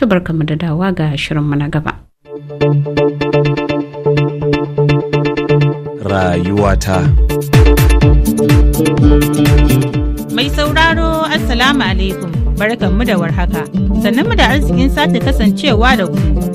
to da dawa ga shirinmu na gaba. Rayuwata Mai sauraro Assalamu alaikum barkanmu da warhaka sannan mu da arzikin sake kasancewa da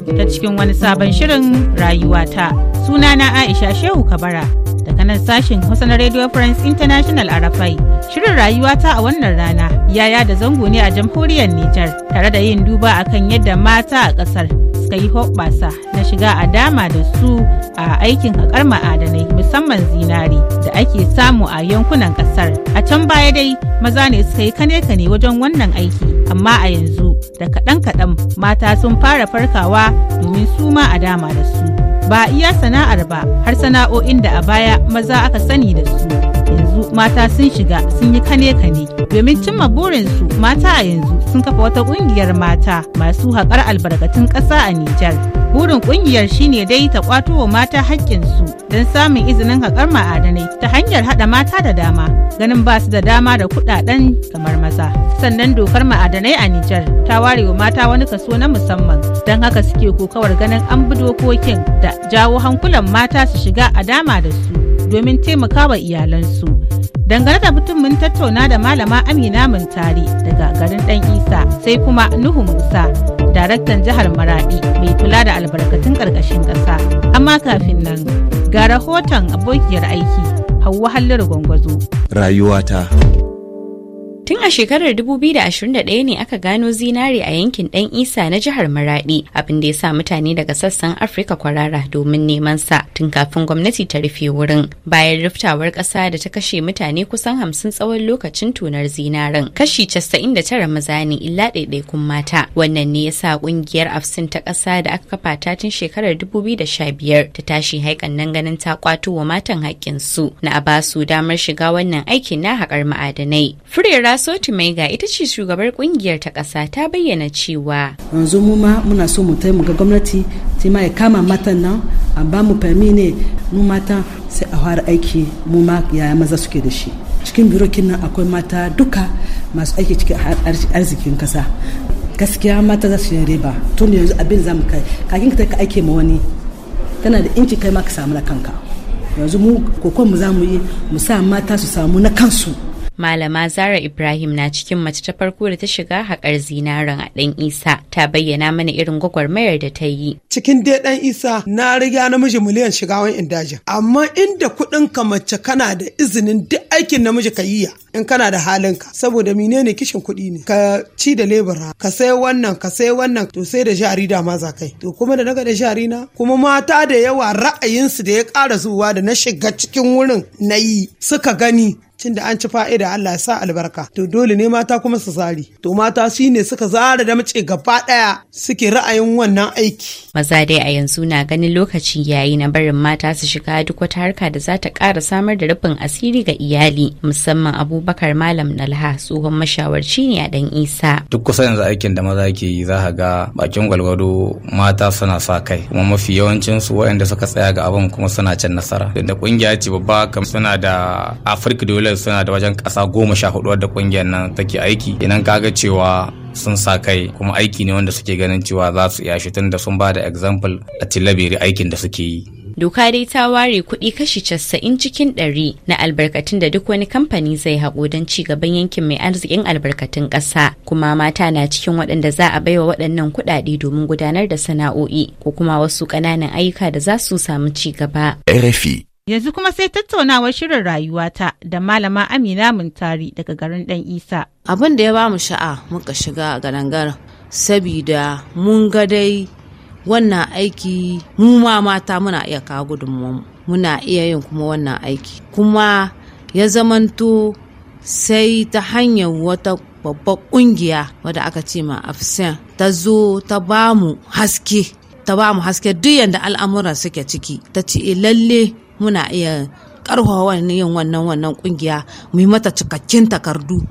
ku ta cikin wani sabon shirin rayuwata sunana Aisha Shehu Kabara. daga nan sashen Hausa na Radio France International a Rafai. Shirin ta a wannan rana yaya da zango ne a jamhuriyar Nijar tare da yin duba akan yadda mata a ƙasar suka yi hoɓasa, na shiga a dama da su a aikin haƙar ma'adanai musamman zinari da ake samu a yankunan ƙasar. A can baya dai maza ne suka yi kane-kane wajen wannan aiki amma a yanzu da kaɗan-kaɗan mata sun fara farkawa domin su ma a dama da su. ba iya sana'ar ba har sana'o'in da a baya maza aka sani da su. yanzu mata sun shiga sun yi kane-kane domin cimma burinsu mata a yanzu sun kafa wata ƙungiyar mata masu haƙar albarkatun ƙasa a Nijar. Burin ƙungiyar shine dai ta kwato wa mata haƙƙinsu don samun izinin haƙar ma'adanai ta hanyar haɗa mata da dama ganin ba su da dama da kuɗaɗen kamar maza. Sannan dokar ma'adanai a Nijar ta ware wa mata wani kaso na musamman don haka suke kokawar ganin an bi dokokin da jawo hankulan mata su shiga a dama da su. domin taimaka wa iyalansu. Dangane da mutum mun tattauna da malama Amina Muntari daga garin Dan Isa sai kuma Nuhu Musa, daraktan jihar Maradi mai kula da albarkatun ƙarƙashin ƙasa. Amma kafin nan ga rahoton abokiyar aiki Hauwa Halliru Gwangwazo. Rayuwata. Tun a shekarar 2021 ne aka gano zinare a yankin ɗan Isa na jihar Maradi, abin da ya sa mutane daga sassan Afirka kwarara domin neman sa tun kafin gwamnati ta rufe wurin. Bayan riftawar ƙasa da ta kashe mutane kusan hamsin tsawon lokacin tunar zinarin, kashi casa'in da tara maza ne illa ɗaiɗaikun mata. Wannan ne ya sa ƙungiyar Afsin ta ƙasa da aka kafa ta tun shekarar 2015 ta tashi haikan nan ganin ta kwato wa matan haƙƙinsu na a basu damar shiga wannan aikin na haƙar ma'adanai. Furera Faso maiga ita ce shugabar kungiyar ta ƙasa ta bayyana cewa. Yanzu mu ma muna so mu taimu ga gwamnati sai ma ya kama matan nan a ba mu fami ne mu mata sai a fara aiki mu ma yaya maza suke da shi. Cikin birokin nan akwai mata duka masu aiki cikin arzikin kasa. Gaskiya mata za su yi riba tun yanzu abin za mu kai kakin ka aike ma wani tana da inci kai ma ka samu na kanka. Yanzu mu kokon mu za mu yi mu sa mata su samu na kansu. Malama Zara Ibrahim na cikin mace ta farko da ta shiga haƙar zinarin a ɗan Isa ta bayyana mana irin gwagwarmayar da ta yi. Cikin dai ɗan Isa na riga namiji miliyan shiga wani indajin. Amma inda kuɗin ka mace kana da izinin duk aikin namiji ka yi ya in kana da halin ka. saboda menene kishin kuɗi ne ka ci da lebura ka sai wannan ka sai wannan to sai da jari da ma za kai to kuma da naga da jari na kuma mata da yawa ra'ayinsu da ya ƙara zuwa da na shiga cikin wurin na yi suka gani cin da an ci fa'ida Allah ya sa albarka to dole ne mata kuma su zari to mata shi suka zara da mace gaba daya suke ra'ayin wannan aiki maza dai a yanzu na ganin lokaci yayi na barin mata su shiga duk wata harka da za ta ƙara samar da rufin asiri ga iyali musamman abubakar malam nalha tsohon mashawarci ne a dan isa duk kusa yanzu aikin da maza ke yi za ga bakin gwalgwado mata suna sa kai kuma mafi yawancin su waɗanda suka tsaya ga abin kuma suna can nasara da kungiya ce babba kam suna da afirka dole najeriya suna da wajen kasa goma sha hudu da ƙungiyar nan take aiki idan kaga cewa sun sa kai kuma aiki ne wanda suke ganin cewa za su iya shi tun da sun ba da example a tilabiri aikin da suke yi doka dai ta ware kuɗi kashi casa'in cikin ɗari na albarkatun da duk wani kamfani zai haƙo don ci gaban yankin mai arzikin albarkatun ƙasa kuma mata na cikin waɗanda za a baiwa waɗannan kuɗaɗe domin gudanar da sana'o'i ko kuma wasu ƙananan ayyuka da za su samu ci gaba. RFI Yanzu kuma sai tattaunawar shirin rayuwata da Malama Amina Muntari daga garin dan Isa. Abin da ya ba mu sha'a muka shiga garangar sabida mun ga dai wannan aiki mu ma mata muna iya kawo gudunmu muna iya yin kuma wannan aiki kuma ya zamanto sai ta hanyar wata babbar kungiya wadda aka ce ma afsen ta zo ta ba mu haske ta ba mu haske duk yadda al'amuran suke ciki ta ce eh, lalle muna iya karfafa yin wannan wannan kungiya mu yi mata cikakkin takardu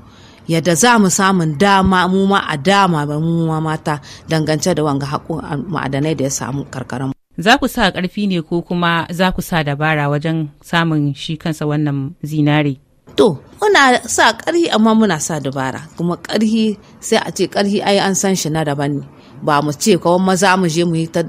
yadda za mu samun dama mu ma a dama ba mu ma mata dangance da wanga haƙo ma'adanai da ya samu karkaran za ku sa ƙarfi ne ko kuma za ku sa dabara wajen samun shi kansa wannan zinare to muna sa ƙarfi amma muna sa dabara kuma ƙarfi sai a ce ƙarfi ai an san shi na daban ne ba mu ce kawai maza mu je mu yi ta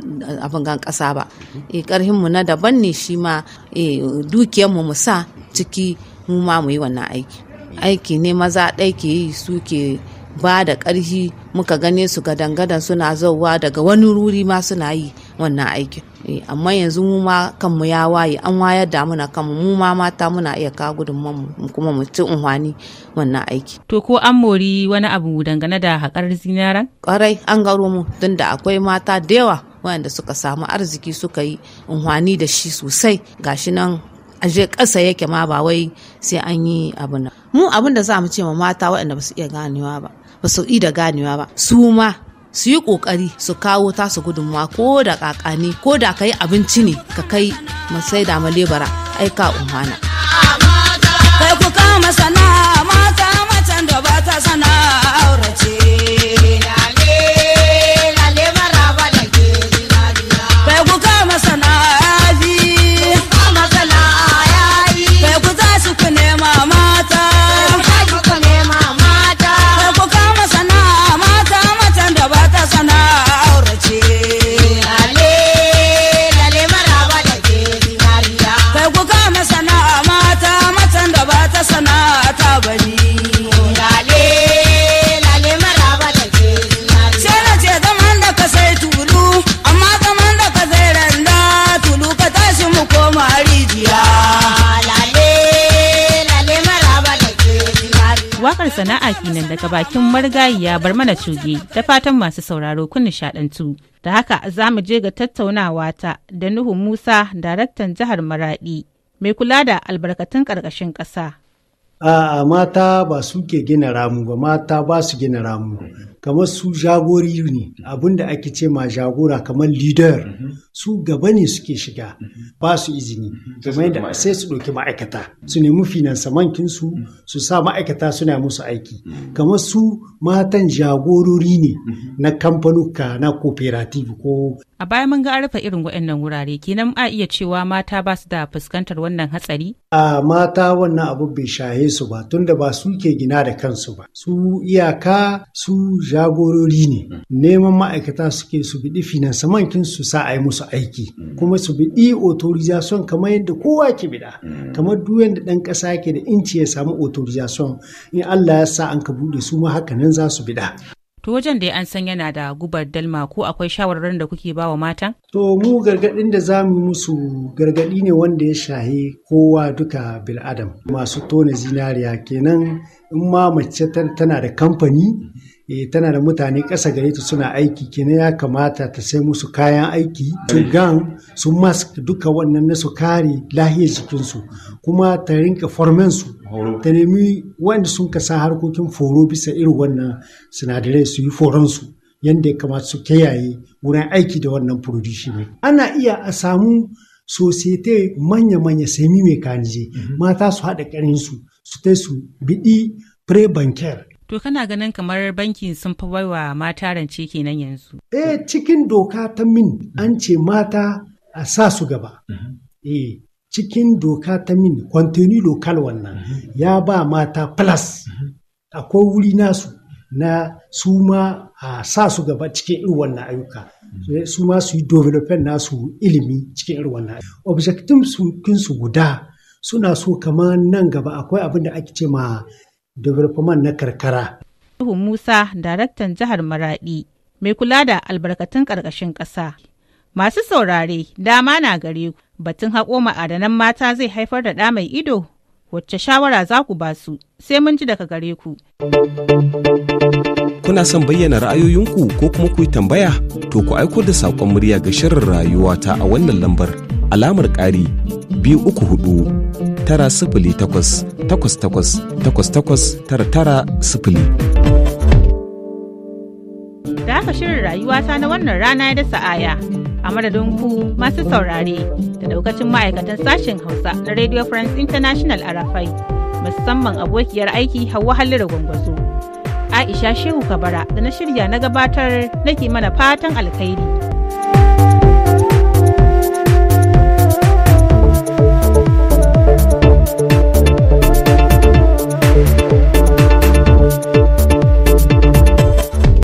abin gan ƙasa ba e eh, karhin mu na daban ne shi ma e dukiyar mu mu sa ciki mu ma mu yi wannan aiki aiki ne maza ɗai ke yi su ke ba da karhi muka gane su gadan-gadan suna zauwa daga wani ruri ma suna yi wannan aikin Eh, amma yanzu mu ma kanmu ya waye an wayar da muna kan mu ma mata muna iya kawo gudunmu kuma mu ci unhwani wannan aiki to ko an mori wani abu dangane da hakar zinaran kwarai an garo mu tunda akwai mata da yawa wanda suka samu arziki suka yi unhwani da shi sosai gashi nan aje ƙasa yake ma ba wai sai an yi abu mu abin da za mu ce ma mata waɗanda ba su iya ganewa ba ba su iya ganewa ba su ma su yi kokari su kawo tasu gudunmawa ko da kakani ko da kai abinci ne ka kai masai da malebara aika umana kai ku kama sana'a jami'ar sana'a kinan daga bakin margayi ya bar mana cuge ta fatan masu sauraro kun nishadantu. Da haka za mu je ga tattaunawa ta da Nuhu Musa, daraktan jihar Maradi, mai kula da albarkatun ƙarƙashin ƙasa. A'a mata ba su ke gina ramu ba, mata ba su gina ramu. Kamar su jagori ne, abinda ake ce ma jagora kamar leader, su gaba ne suke shiga, ba su izini. Kamar sai su ɗauki ma'aikata, su nemi samankin su, su sa ma'aikata suna musu aiki. Kamar su matan jagorori ne na kamfanuka na cooperative ko. A baya mun ga arfa irin waɗannan wurare, kenan a iya cewa mata ba su da fuskantar wannan hatsari? A mata wannan abu bai shaye. gare su ba tunda ba su ke gina da kansu ba su iyaka su jagorori ne neman ma'aikata suke su biɗi finansamankin su sa a yi musu aiki kuma su biɗi authorization kamar yadda kowa ke biɗa kamar duk yadda ɗan ƙasa ke da inci ya samu authorization in Allah ya sa an ka buɗe su ma haka nan za su biɗa to wajen da an san yana da gubar dalma ko akwai shawarar da kuke ba wa matan? To mu gargaɗin da za mu musu gargadi ne wanda ya shahi kowa duka bil'adam masu tona zinariya kenan in ma mace tana da kamfani e, tana da mutane ƙasa gare ta suna aiki kina ya kamata ta sai musu kayan aiki su gan su mask duka wannan na su kare lahiyar jikinsu kuma ta rinka formen su ta nemi wanda sun kasa harkokin foro bisa irin wannan sinadarai su yi foron su yadda ya kamata su kiyaye wurin aiki da wannan produshi ne ana iya a samu sosiyete manya-manya semi mekanize mm-hmm. mata su haɗa ƙarinsu su ta su biɗi pre-banker To kana ganin kamar banki sun fi baiwa mata rance kenan yanzu? Eh cikin doka ta min an ce mata a sa su gaba. Mhm. Eh cikin doka ta min kwantini lokal wannan mhm. ya ba mata plus mhm. akwai wuri nasu na su ma a sa su gaba cikin irin wannan ayyuka eh, su ma su yi development nasu ilimi cikin irin wannan objective su guda suna so kamar nan gaba akwai abin da ake ce ma Development na karkara. Nuhu Musa, daraktan jihar Maradi, mai kula da albarkatun ƙarƙashin ƙasa. Masu saurare, dama na gare ku, batun haƙo ma'adanan mata zai haifar da ɗa mai ido, wacce shawara za ku ba su, sai mun ji daga gare ku. Kuna son bayyana ra'ayoyinku ko kuma ku yi tambaya, to ku aiko da saƙon murya ga shirin rayuwata a wannan lambar. alamar ƙari biyu uku hudu tara sifili takwas takwas takwas takwas takwas tara tara sifili. Da haka shirin rayuwata na wannan rana ya dasa aya a madadin ku masu saurare da daukacin ma'aikatan sashen Hausa na Radio France International Arafai musamman abokiyar aiki Hauwa Halliru Gwangwazo. Aisha Shehu Kabara da na shirya na gabatar nake mana fatan alkhairi.